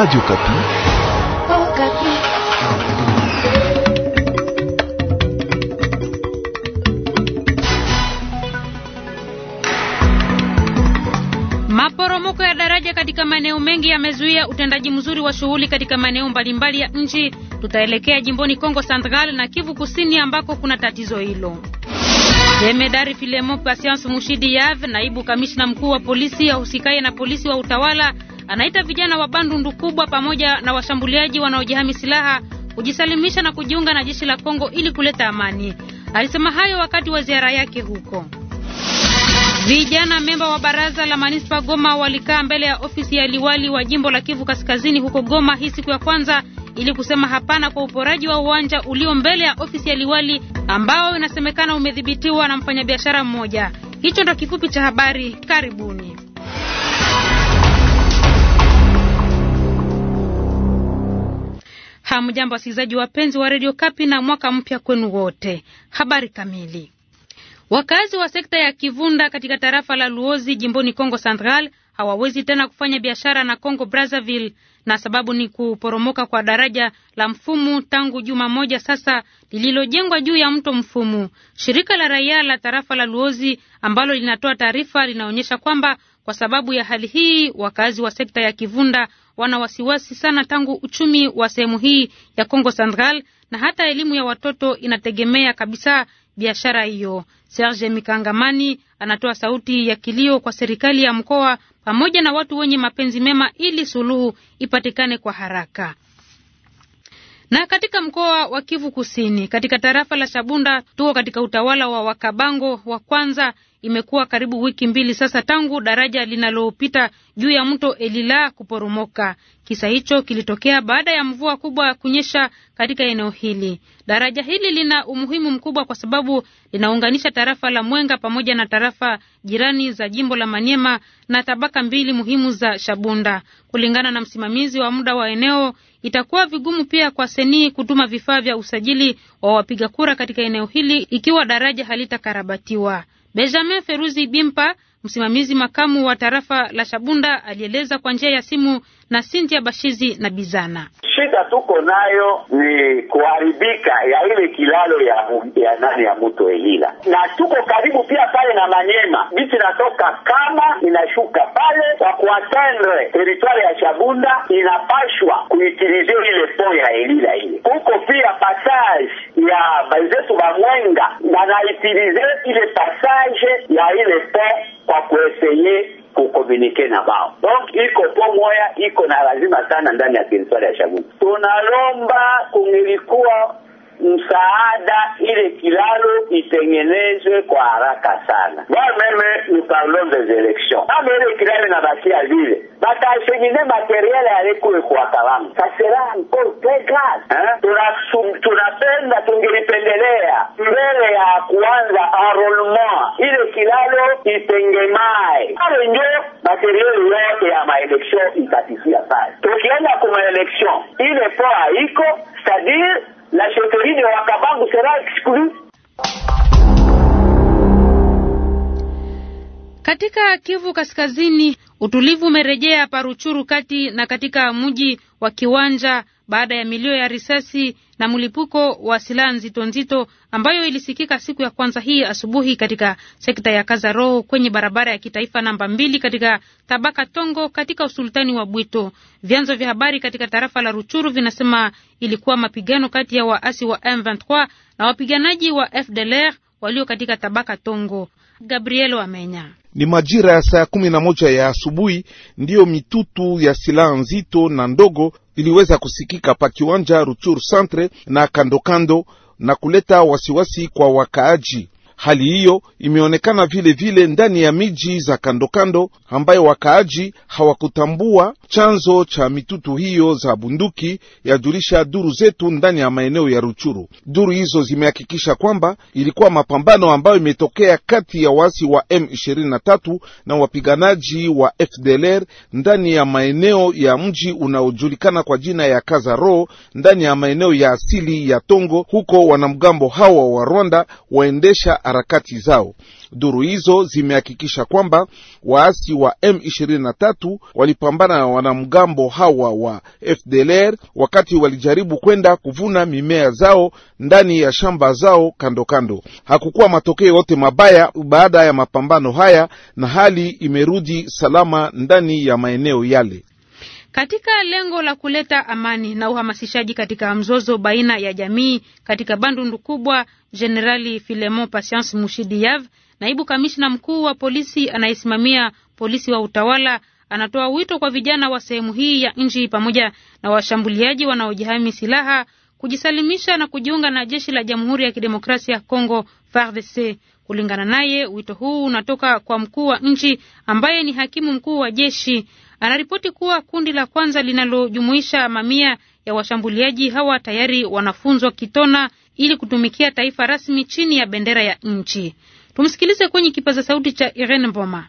Radio Kapi. Oh, Kapi. Maporomoko ya daraja katika maeneo mengi yamezuia utendaji mzuri wa shughuli katika maeneo mbalimbali ya nchi. Tutaelekea jimboni Kongo Central na Kivu Kusini ambako kuna tatizo hilo. Jemedari Filemon Patience Mushidi Yave, naibu kamishna mkuu wa polisi ya na polisi wa utawala anaita vijana wa Bandundu kubwa pamoja na washambuliaji wanaojihami silaha kujisalimisha na kujiunga na jeshi la Kongo ili kuleta amani. Alisema hayo wakati wa ziara yake huko. Vijana memba wa baraza la manispa Goma walikaa mbele ya ofisi ya liwali wa jimbo la Kivu Kaskazini huko Goma hii siku ya kwanza ili kusema hapana kwa uporaji wa uwanja ulio mbele ya ofisi ya liwali ambao inasemekana umedhibitiwa na mfanyabiashara mmoja. Hicho ndo kifupi cha habari. Karibuni. Hamjambo wasikilizaji wapenzi wa redio Kapi, na mwaka mpya kwenu wote. Habari kamili. Wakazi wa sekta ya Kivunda katika tarafa la Luozi jimboni Kongo Central hawawezi tena kufanya biashara na Kongo Brazzaville, na sababu ni kuporomoka kwa daraja la Mfumu tangu juma moja sasa, lililojengwa juu ya mto Mfumu. Shirika la raia la tarafa la Luozi ambalo linatoa taarifa linaonyesha kwamba kwa sababu ya hali hii, wakazi wa sekta ya Kivunda wana wasiwasi sana tangu uchumi wa sehemu hii ya congo Central na hata elimu ya watoto inategemea kabisa biashara hiyo. Serge Mikangamani anatoa sauti ya kilio kwa serikali ya mkoa pamoja na watu wenye mapenzi mema ili suluhu ipatikane kwa haraka. Na katika mkoa wa Kivu Kusini, katika tarafa la Shabunda, tuko katika utawala wa Wakabango wa kwanza Imekuwa karibu wiki mbili sasa tangu daraja linalopita juu ya mto Elila kuporomoka. Kisa hicho kilitokea baada ya mvua kubwa kunyesha katika eneo hili. Daraja hili lina umuhimu mkubwa kwa sababu linaunganisha tarafa la Mwenga pamoja na tarafa jirani za jimbo la Maniema na tabaka mbili muhimu za Shabunda. Kulingana na msimamizi wa muda wa eneo, itakuwa vigumu pia kwa Seni kutuma vifaa vya usajili wa wapiga kura katika eneo hili ikiwa daraja halitakarabatiwa. Benjamin Feruzi Bimpa, msimamizi makamu wa tarafa la Shabunda, alieleza kwa njia ya simu na Sindia Bashizi na Bizana. Shida tuko nayo ni kuharibika ya ile kilalo ya, ya nani ya mto Elila, na tuko karibu pia pale na Manyema, bichi natoka kama inashuka pale kwa kuatendre teritwari ya Shabunda, inapashwa kuitilizio ile po ya Elila ile. huko pia passage ya baizetu bamwenga banaitilize ile passage ya ile po kwa kueseye wakomunike na wao. Donc iko po moya iko na lazima sana ndani ya teritoari ya Chagubi. Tunalomba kungelikuwa msaada ile kilalo itengenezwe kwa haraka sana. moi meme nous parlons des élections, kama ile kilalo inabakia vile bataachemine materiel alikuwekwaka wangu kasera encore tres grave tunapenda tungelipendelea mbele ya kuanza enrolement ile kilalo itengemae ale njo materiel yote ya maelection itatisia sana tukienda kumaelection ile poa iko c'est-à-dire Katika Kivu Kaskazini, utulivu umerejea Paruchuru kati na katika mji wa Kiwanja baada ya milio ya risasi na mlipuko wa silaha nzito nzito ambayo ilisikika siku ya kwanza hii asubuhi katika sekta ya Kazaro kwenye barabara ya kitaifa namba mbili katika tabaka Tongo katika usultani wa Bwito. Vyanzo vya habari katika tarafa la Ruchuru vinasema ilikuwa mapigano kati ya waasi wa M23 na wapiganaji wa FDLR walio katika tabaka Tongo. Gabriel Wamenya. Ni majira ya saa kumi na moja ya asubuhi ndiyo mitutu ya silaha nzito na ndogo iliweza kusikika pa kiwanja Rutur Centre na kandokando na kuleta wasiwasi kwa wakaaji. Hali hiyo imeonekana vile vile ndani ya miji za kandokando ambayo wakaaji hawakutambua chanzo cha mitutu hiyo za bunduki, yajulisha duru zetu ndani ya maeneo ya Ruchuru. Duru hizo zimehakikisha kwamba ilikuwa mapambano ambayo imetokea kati ya waasi wa M23 na wapiganaji wa FDLR ndani ya maeneo ya mji unaojulikana kwa jina ya Kazaro ndani ya maeneo ya asili ya Tongo. Huko wanamgambo hawa wa Rwanda waendesha harakati zao. Duru hizo zimehakikisha kwamba waasi wa M23 walipambana na wanamgambo hawa wa FDLR wakati walijaribu kwenda kuvuna mimea zao ndani ya shamba zao kando kando. Hakukuwa matokeo yote mabaya baada ya mapambano haya, na hali imerudi salama ndani ya maeneo yale katika lengo la kuleta amani na uhamasishaji katika mzozo baina ya jamii katika Bandundu kubwa. Jenerali Filemon Patience Mushidiyav, naibu kamishna mkuu wa polisi anayesimamia polisi wa utawala, anatoa wito kwa vijana wa sehemu hii ya nchi pamoja na washambuliaji wanaojihami silaha kujisalimisha na kujiunga na jeshi la Jamhuri ya Kidemokrasia ya Kongo FARDC. Kulingana naye, wito huu unatoka kwa mkuu wa nchi ambaye ni hakimu mkuu wa jeshi. Anaripoti kuwa kundi la kwanza linalojumuisha mamia ya washambuliaji hawa tayari wanafunzwa Kitona ili kutumikia taifa rasmi chini ya bendera ya nchi. Tumsikilize kwenye kipaza sauti cha Irene Mboma.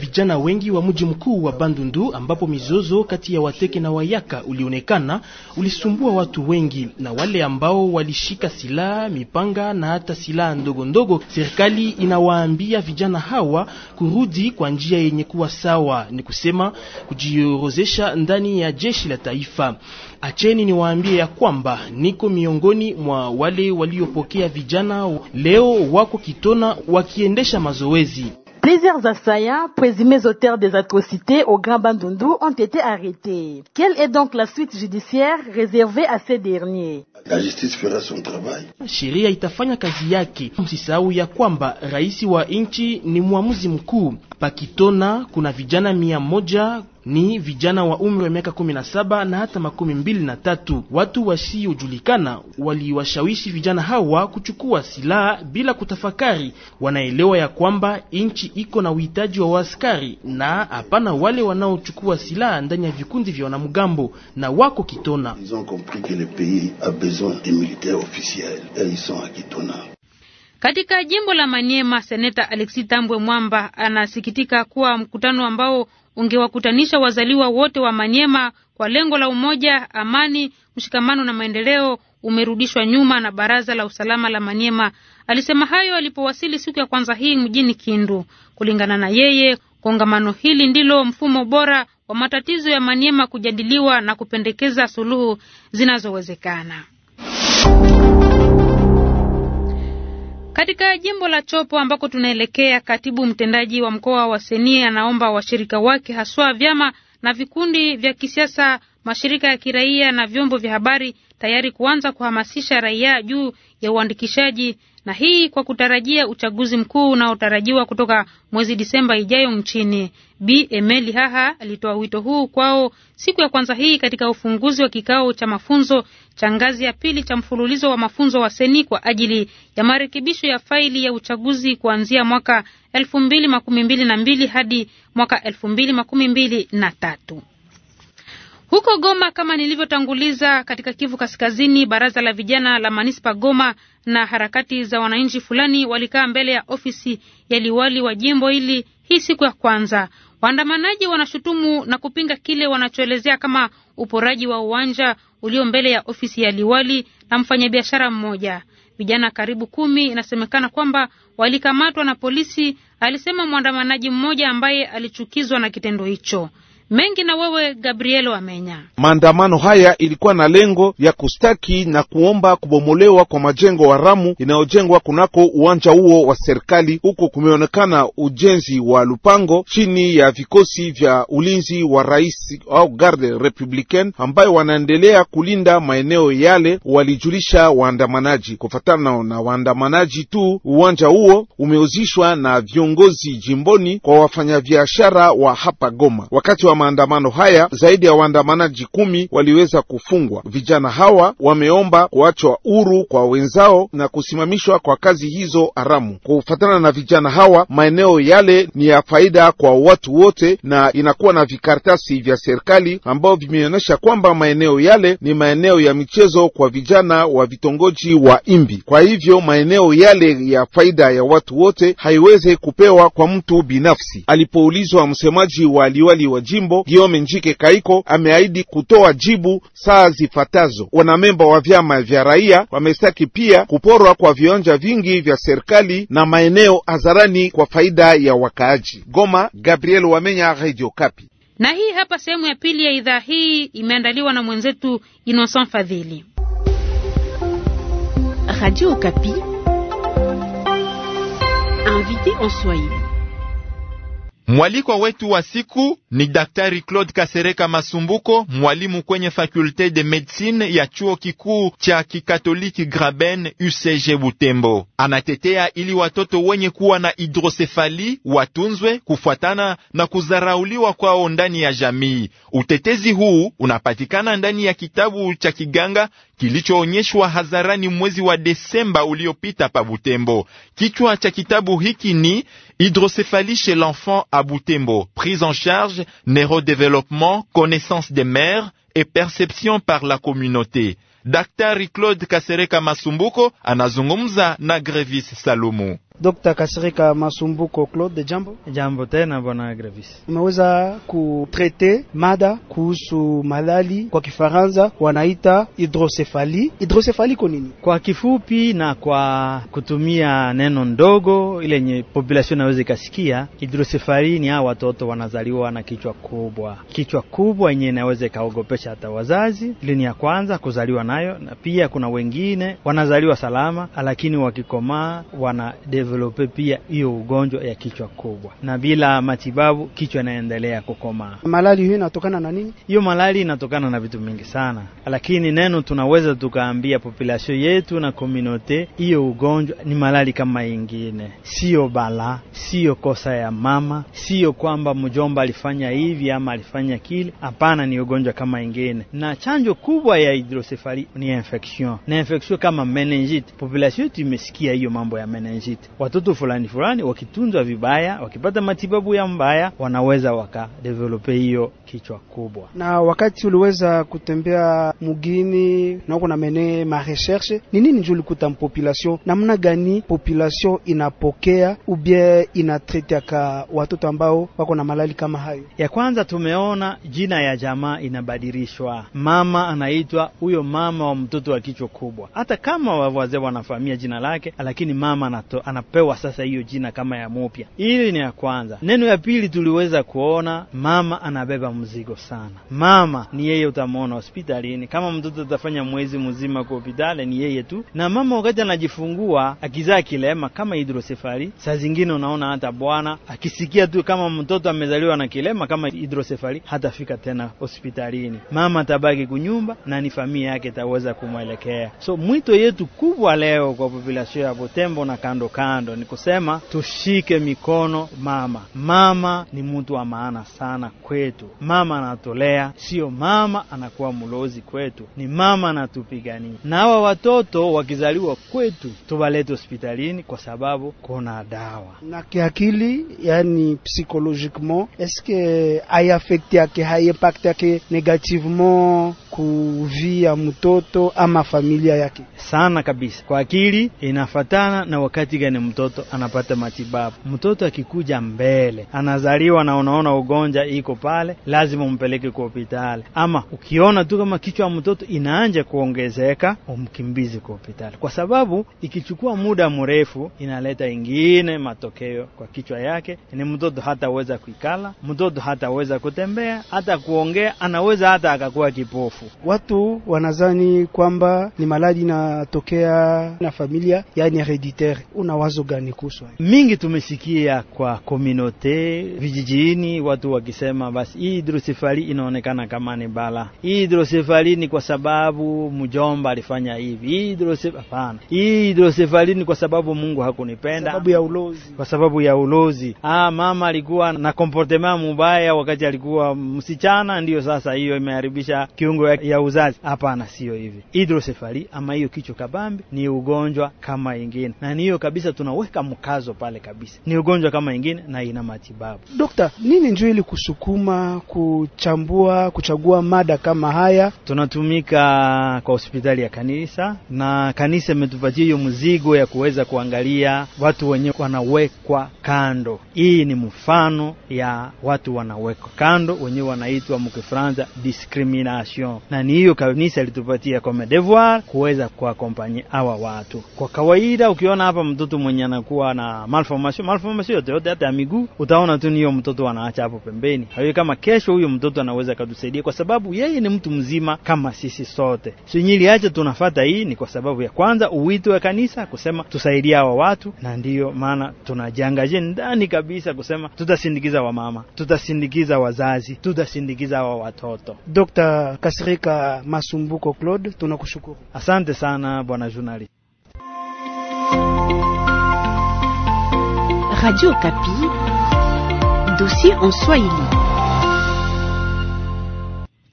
Vijana wengi wa mji mkuu wa Bandundu, ambapo mizozo kati ya Wateke na Wayaka ulionekana ulisumbua watu wengi, na wale ambao walishika silaha, mipanga na hata silaha ndogo ndogo. Serikali inawaambia vijana hawa kurudi kwa njia yenye kuwa sawa, ni kusema kujiorozesha ndani ya jeshi la taifa. Acheni niwaambie ya kwamba niko miongoni mwa wale waliopokea vijana leo wako Kitona wakiendesha mazoezi. Plusieurs assaillants, présumés auteurs des atrocités au Grand Bandundu, ont été arrêtés. Quelle est donc la suite judiciaire réservée à ces derniers? La justice fera son travail. Sheria itafanya kazi yake. Msisahau ya kwamba rais wa nchi ni mwamuzi mkuu. Pakitona kuna vijana mia moja ni vijana wa umri wa miaka kumi na saba na hata makumi mbili na tatu. Watu wasiojulikana waliwashawishi vijana hawa kuchukua silaha bila kutafakari. Wanaelewa ya kwamba nchi iko na uhitaji wa waaskari na hapana wale wanaochukua silaha ndani ya vikundi vya wanamgambo, na wako Kitona. Katika jimbo la Maniema, seneta Alexi Tambwe Mwamba anasikitika kuwa mkutano ambao ungewakutanisha wazaliwa wote wa Manyema kwa lengo la umoja, amani, mshikamano na maendeleo umerudishwa nyuma na Baraza la Usalama la Manyema. Alisema hayo alipowasili siku ya kwanza hii mjini Kindu. Kulingana na yeye, kongamano hili ndilo mfumo bora wa matatizo ya Manyema kujadiliwa na kupendekeza suluhu zinazowezekana. Katika jimbo la Chopo ambako tunaelekea, katibu mtendaji wa mkoa wa seni anaomba washirika wake haswa vyama na vikundi vya kisiasa, mashirika ya kiraia na vyombo vya habari tayari kuanza kuhamasisha raia juu ya uandikishaji na hii kwa kutarajia uchaguzi mkuu unaotarajiwa kutoka mwezi Disemba ijayo nchini. B Emeli Haha alitoa wito huu kwao siku ya kwanza hii katika ufunguzi wa kikao cha mafunzo cha ngazi ya pili cha mfululizo wa mafunzo wa seni kwa ajili ya marekebisho ya faili ya uchaguzi kuanzia mwaka elfu mbili makumi mbili na mbili hadi mwaka elfu mbili makumi mbili na tatu. Huko Goma, kama nilivyotanguliza, katika Kivu Kaskazini, baraza la vijana la manispa Goma na harakati za wananchi fulani walikaa mbele ya ofisi ya liwali wa jimbo hili hii siku ya kwanza. Waandamanaji wanashutumu na kupinga kile wanachoelezea kama uporaji wa uwanja ulio mbele ya ofisi ya liwali na mfanyabiashara mmoja. Vijana karibu kumi inasemekana kwamba walikamatwa na polisi, alisema mwandamanaji mmoja ambaye alichukizwa na kitendo hicho mengi na wewe Gabriel Wamenya. Maandamano haya ilikuwa na lengo ya kustaki na kuomba kubomolewa kwa majengo ramu inayojengwa kunako uwanja huo wa serikali. Huko kumeonekana ujenzi wa lupango chini ya vikosi vya ulinzi wa rais au garde republican, ambayo wanaendelea kulinda maeneo yale, walijulisha waandamanaji. Kufatana na waandamanaji tu, uwanja huo umeuzishwa na viongozi jimboni kwa wafanyabiashara wa hapa Goma wakati wa maandamano haya, zaidi ya waandamanaji kumi waliweza kufungwa. Vijana hawa wameomba kuachwa huru kwa wenzao na kusimamishwa kwa kazi hizo haramu. Kufuatana na vijana hawa, maeneo yale ni ya faida kwa watu wote, na inakuwa na vikaratasi vya serikali ambao vimeonyesha kwamba maeneo yale ni maeneo ya michezo kwa vijana wa vitongoji wa Imbi. Kwa hivyo maeneo yale ya faida ya watu wote haiwezi kupewa kwa mtu binafsi. Alipoulizwa msemaji wa liwali wa jimbo jimbo Giome Njike Kaiko ameahidi kutoa jibu saa zifatazo. Wanamemba wa vyama vya raia wamestaki pia kuporwa kwa viwanja vingi vya serikali na maeneo hadharani kwa faida ya wakaaji. Goma, Gabriel Wamenya, Radio Kapi. Na hii hapa sehemu ya pili ya idhaa hii imeandaliwa na mwenzetu Innocent Fadhili. Radio Kapi. Invité en Swahili. Mwalikwa wetu wa siku ni Daktari Claude Kasereka Masumbuko, mwalimu kwenye Fakulte de Medicine ya Chuo Kikuu cha Kikatoliki Graben UCG Butembo. Anatetea ili watoto wenye kuwa na hidrosefali watunzwe kufuatana na kuzarauliwa kwao ndani ya jamii. Utetezi huu unapatikana ndani ya kitabu cha kiganga kilichoonyeshwa hadharani mwezi wa Desemba uliopita pa Butembo. Kichwa cha kitabu hiki ni Hydrocéphalie chez l'enfant à Butembo, prise en charge, neurodéveloppement, connaissance des mères et perception par la communauté. Daktari Claude Kasereka Masumbuko anazungumza na Grevis Salomo. Dr. Kasirika Masumbuko Claude, jambo. Jambo tena bwana Gravis. Umeweza kutrete mada kuhusu malali kwa Kifaransa wanaita hidrosefali. Hidrosefali ko nini? Kwa kifupi na kwa kutumia neno ndogo ile yenye population inaweza ikasikia, hidrosefali ni hao watoto wanazaliwa na kichwa kubwa. Kichwa kubwa yenye inaweza ikaogopesha hata wazazi. Ile ni ya kwanza kuzaliwa nayo, na pia kuna wengine wanazaliwa salama, lakini wakikomaa wana kudevelope pia hiyo ugonjwa ya kichwa kubwa, na bila matibabu kichwa inaendelea kukomaa. Malali hiyo inatokana na nini? Hiyo malali inatokana na vitu mingi sana, lakini neno tunaweza tukaambia population yetu na community, hiyo ugonjwa ni malali kama ingine, siyo bala siyo kosa ya mama, siyo kwamba mjomba alifanya hivi ama alifanya kile. Hapana, ni ugonjwa kama ingine, na chanjo kubwa ya hidrosefali ni infection na infection kama meningite. Population yetu imesikia hiyo mambo ya meningite watoto fulani fulani wakitunzwa vibaya, wakipata matibabu ya mbaya, wanaweza wakadevelope hiyo kichwa kubwa. Na wakati uliweza kutembea mugini na uko na mene ma recherche, ni nini njo ulikuta population, namna gani population inapokea ubie inatretiaka watoto ambao wako na malali kama hayo? Ya kwanza tumeona jina ya jamaa inabadilishwa, mama anaitwa huyo mama wa mtoto wa kichwa kubwa, hata kama wazee wanafahamia jina lake, lakini mama anato, anato, kupewa sasa hiyo jina kama ya mupya. Hili ni ya kwanza. Neno ya pili tuliweza kuona mama anabeba mzigo sana. Mama ni yeye utamwona hospitalini, kama mtoto atafanya mwezi mzima kwa hospitali ni yeye tu, na mama wakati anajifungua akizaa kilema kama hidrosefali, saa zingine unaona hata bwana akisikia tu kama mtoto amezaliwa na kilema kama hidrosefali, hatafika tena hospitalini. Mama atabaki kunyumba na ni familia yake itaweza kumwelekea. So mwito yetu kubwa leo kwa populasio ya Butembo na kando kando kando, ni kusema tushike mikono mama. Mama ni mtu wa maana sana kwetu. Mama anatolea, sio mama anakuwa mlozi kwetu, ni mama anatupigania. Na hawa watoto wakizaliwa kwetu tuwalete hospitalini, kwa sababu kuna dawa na kiakili, yani psychologiquement eske haiafekti yake haiimpakti yake negativement kuvia mtoto ama familia yake sana kabisa. Kwa akili inafatana na wakati gani mtoto anapata matibabu. Mtoto akikuja mbele anazaliwa na unaona ugonja iko pale, lazima umpeleke kwa hospitali, ama ukiona tu kama kichwa ya mtoto inaanja kuongezeka, umkimbize kwa hospitali, kwa sababu ikichukua muda mrefu inaleta ingine matokeo kwa kichwa yake, ni mtoto hataweza kuikala, mtoto hataweza kutembea, hata kuongea, anaweza hata akakuwa kipofu. Watu wanazani kwamba ni maladi inatokea na familia, yani hereditaire una mawazo gani kuhusu mingi? Tumesikia kwa kominote vijijini watu wakisema, basi hii hidrosefali inaonekana kama ni bala. Hii hidrosefali ni kwa sababu mjomba alifanya hivi. Hii hidrosefali hapana, hii hidrosefali ni kwa sababu Mungu hakunipenda, sababu ya ulozi, kwa sababu ya ulozi. Ah, mama alikuwa na comportement mubaya wakati alikuwa msichana, ndiyo sasa hiyo imeharibisha kiungo ya uzazi. Hapana, sio hivi. Hidrosefali ama hiyo kichwa kabambi ni ugonjwa kama ingine, na niyo kabisa tunaweka mkazo pale kabisa. Ni ugonjwa kama ingine na ina matibabu. Dokta, nini ndio ili kusukuma kuchambua kuchagua mada kama haya? Tunatumika kwa hospitali ya kanisa na kanisa imetupatia hiyo mzigo ya kuweza kuangalia watu wenyewe wanawekwa kando. Hii ni mfano ya watu wanawekwa kando, wenyewe wanaitwa mkifranza discrimination, na ni hiyo kanisa ilitupatia comme devoir kuweza kuakompanye hawa watu. Kwa kawaida ukiona hapa mtoto mwenye anakuwa na malformation malformation yote yote, hata ya miguu, utaona tu niyo mtoto anaacha hapo pembeni, hayo kama kesho huyo mtoto anaweza akatusaidia, kwa sababu yeye ni mtu mzima kama sisi sote. Sinyili acha tunafata hii ni kwa sababu ya kwanza uwito wa kanisa kusema tusaidia hawa watu, na ndiyo maana tunajiangaje ndani kabisa kusema tutasindikiza wamama, tutasindikiza wazazi, tutasindikiza hawa watoto. Dr. Kasirika Masumbuko Claude, tunakushukuru. Asante sana bwana journalist. Radio Kapi, dossier en Swahili.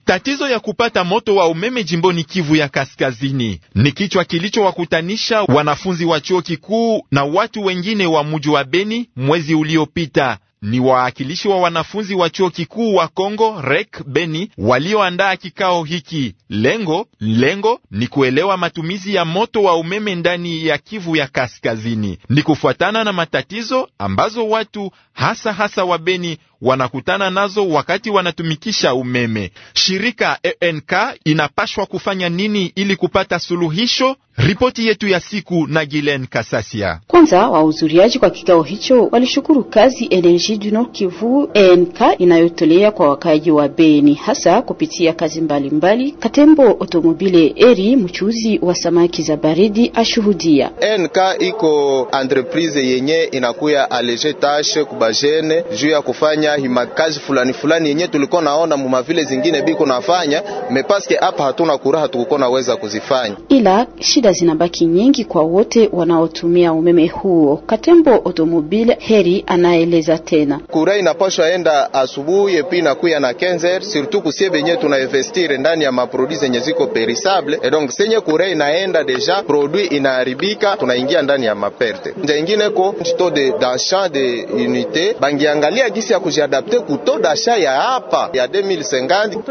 Tatizo ya kupata moto wa umeme jimboni Kivu ya Kaskazini ni kichwa kilichowakutanisha wanafunzi wa chuo kikuu na watu wengine wa muji wa Beni mwezi uliopita ni wawakilishi wa wanafunzi wa chuo kikuu wa Kongo Rek Beni walioandaa kikao hiki. Lengo lengo ni kuelewa matumizi ya moto wa umeme ndani ya Kivu ya Kaskazini, ni kufuatana na matatizo ambazo watu hasa hasa wa Beni wanakutana nazo wakati wanatumikisha umeme. Shirika ENK inapashwa kufanya nini ili kupata suluhisho Ripoti yetu ya siku na Gilen Kasasia. Kwanza wahudhuriaji kwa kikao hicho walishukuru kazi Energie du Nord Kivu ENK inayotolea kwa wakaji wa Beni, hasa kupitia kazi mbalimbali mbali. Katembo Otomobile Eri, mchuuzi wa samaki za baridi, ashuhudia ENK iko entreprise yenye inakuya alege tashe kubajene juu ya kufanya kazi fulani fulani yenye tulikuwa naona mumavile zingine biko nafanya mepaske hapa hatuna kuraha tukukona weza kuzifanya ila shida faida zinabaki nyingi kwa wote wanaotumia umeme huo. Katembo Automobile Heri anaeleza tena, kura inapashwa enda asubuhi epi nakuya na kenzer surtout kusie benye tunainvestire ndani ya maprodui zenye ziko perisable et donc senye kura inaenda deja produit inaharibika, tunaingia ndani ya maperte nja ingine ko to de dacha de unité bangiangalia gisi ya kujiadapte ku taux ya hapa ya 2050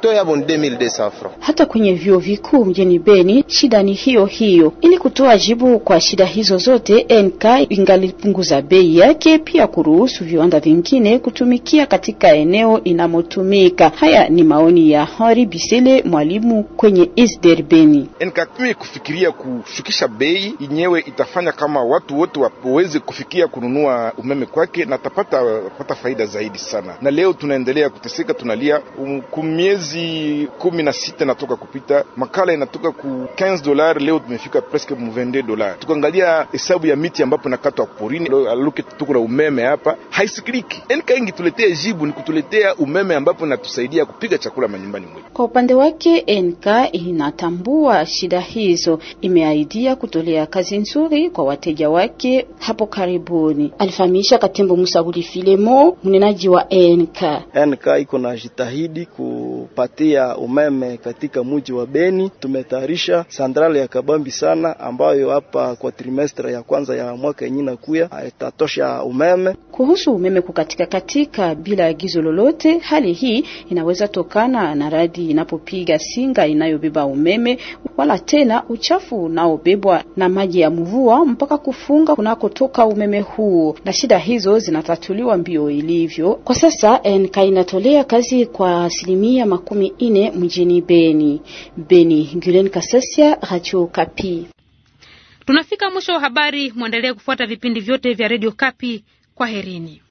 to yabo ni 2200 francs. Hata kwenye vyuo vikuu mjini Beni shida ni hiyo hiyo. Ili kutoa jibu kwa shida hizo zote, NK ingalipunguza bei yake, pia kuruhusu viwanda vingine kutumikia katika eneo inamotumika. Haya ni maoni ya hari Bisele, mwalimu kwenye Isderbeni. NK kufikiria kushukisha bei yenyewe itafanya kama watu wote waweze kufikia kununua umeme kwake, na tapata pata faida zaidi sana. Na leo tunaendelea kuteseka, tunalia um, kumiezi kumi na sita inatoka kupita makala inatoka ku 15 dola hekari leo tumefika presque 22 dola. Tukangalia hesabu ya miti ambapo nakatwa porini, aluke tuko na umeme hapa haisikiliki. Enka yaani ingi tuletea jibu ni kutuletea umeme ambapo natusaidia kupiga chakula manyumbani mwetu. Kwa upande wake NK inatambua shida hizo, imeaidia kutolea kazi nzuri kwa wateja wake hapo karibuni, alifahamisha Katembo musauli Filemo, mnenaji wa NK. NK iko na jitahidi kupatia umeme katika mji wa Beni, tumetayarisha sandrali ya kabambi sana, ambayo hapa kwa trimestre ya kwanza ya mwaka yenyewe nakuya ah, itatosha umeme. Kuhusu umeme kukatika katika bila agizo lolote, hali hii inaweza tokana na radi inapopiga singa inayobeba umeme wala tena uchafu unaobebwa na maji ya mvua mpaka kufunga kunakotoka umeme huo, na shida hizo zinatatuliwa mbio ilivyo. Kwa sasa NK inatolea kazi kwa asilimia makumi ine mjini Beni. Beni, Gulen Kasasia, Radio Kapi. Tunafika mwisho wa habari. Mwendelee kufuata vipindi vyote vya Radio Kapi. Kwaherini.